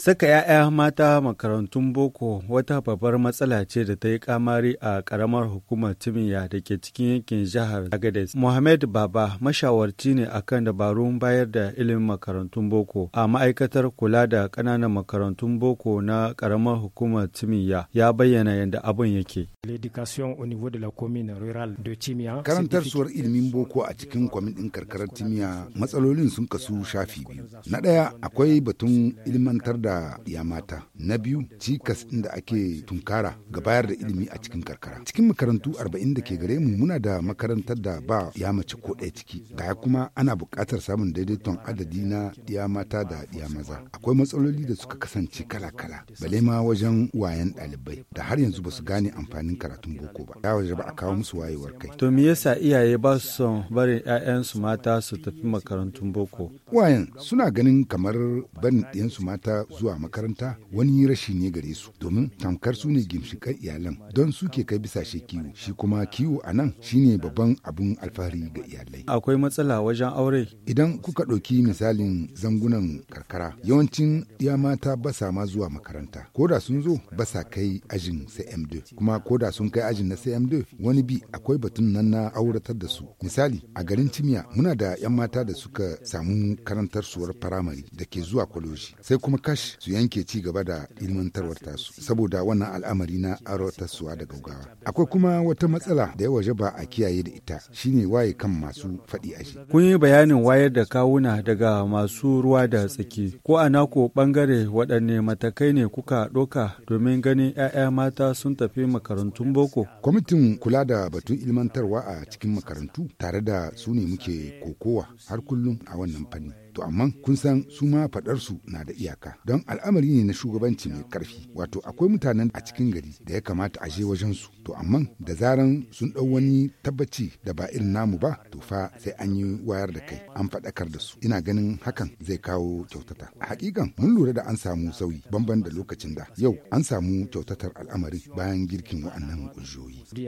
Saka 'ya'ya mata makarantun boko wata babbar matsala ce da ta yi kamari a karamar hukumar Timiya da ke cikin yankin jihar Agadez. Mohamed Baba mashawarci ne akan dabarun bayar da ilimin makarantun boko a ma'aikatar kula da ƙananan makarantun boko na karamar hukumar Timiya ya bayyana yadda abin yake. Karantarsuwar ilimin boko a cikin kwamitin karkarar Timiya matsalolin sun kasu shafi biyu. Na ɗaya akwai batun ilimantar da da ya mata na biyu cikas inda ake tunkara ga bayar da ilimi a cikin karkara cikin makarantu arba'in da ke gare mu muna da makarantar da ba ya mace ko ɗaya ciki ga kuma ana buƙatar samun daidaiton adadi na ya mata da ya maza akwai matsaloli da suka kasance kala-kala bale ma wajen wayan ɗalibai da har yanzu ba su gane amfanin karatun boko ba ya waje ba a kawo musu wayewar kai to me yasa iyaye ba su son barin su mata su tafi makarantun boko wayan suna ganin kamar barin ɗiyansu mata zuwa makaranta wani rashi ne gare su domin tamkar su ne gimshikar iyalan don su ke kai bisashe kiwo shi kuma kiwo a nan shine babban abun alfahari ga iyalai akwai matsala wajen aure idan kuka ɗauki misalin zangunan karkara yawancin ya mata ba sa ma zuwa makaranta ko da sun zo ba sa kai ajin cm2 kuma ko da sun kai ajin na cm2 wani bi akwai batun nan na auratar da su misali a garin cimiya muna da 'yan mata da suka samu karantar suwar firamare da ke zuwa kwaloji sai kuma kashi su yanke ci gaba da ilmantarwar tasu saboda wannan al'amari na arotarsuwa da gaugawa akwai kuma wata matsala da ya waje ba a kiyaye da ita shine waye kan masu faɗi aji kun yi bayanin wayar da kawuna daga masu ruwa da tsaki ko a nako bangare waɗanne matakai ne kuka ɗoka domin ganin 'ya'ya mata sun tafi makarantun boko kwamitin kula da batun ilmantarwa a cikin makarantu tare da su ne muke kokowa har kullum a wannan fanni to amma kun san su ma faɗarsu na da iyaka don al'amari ne na shugabanci mai karfi wato akwai mutanen a cikin gari da ya kamata a je wajen su to amma da zaran sun ɗau wani tabbaci da ba irin namu ba to fa sai an yi wayar da kai an faɗakar da su ina ganin hakan zai kawo kyautata a hakikan mun lura da an samu sauyi bamban da lokacin da yau an samu kyautatar al'amari bayan girkin waɗannan ƙungiyoyi.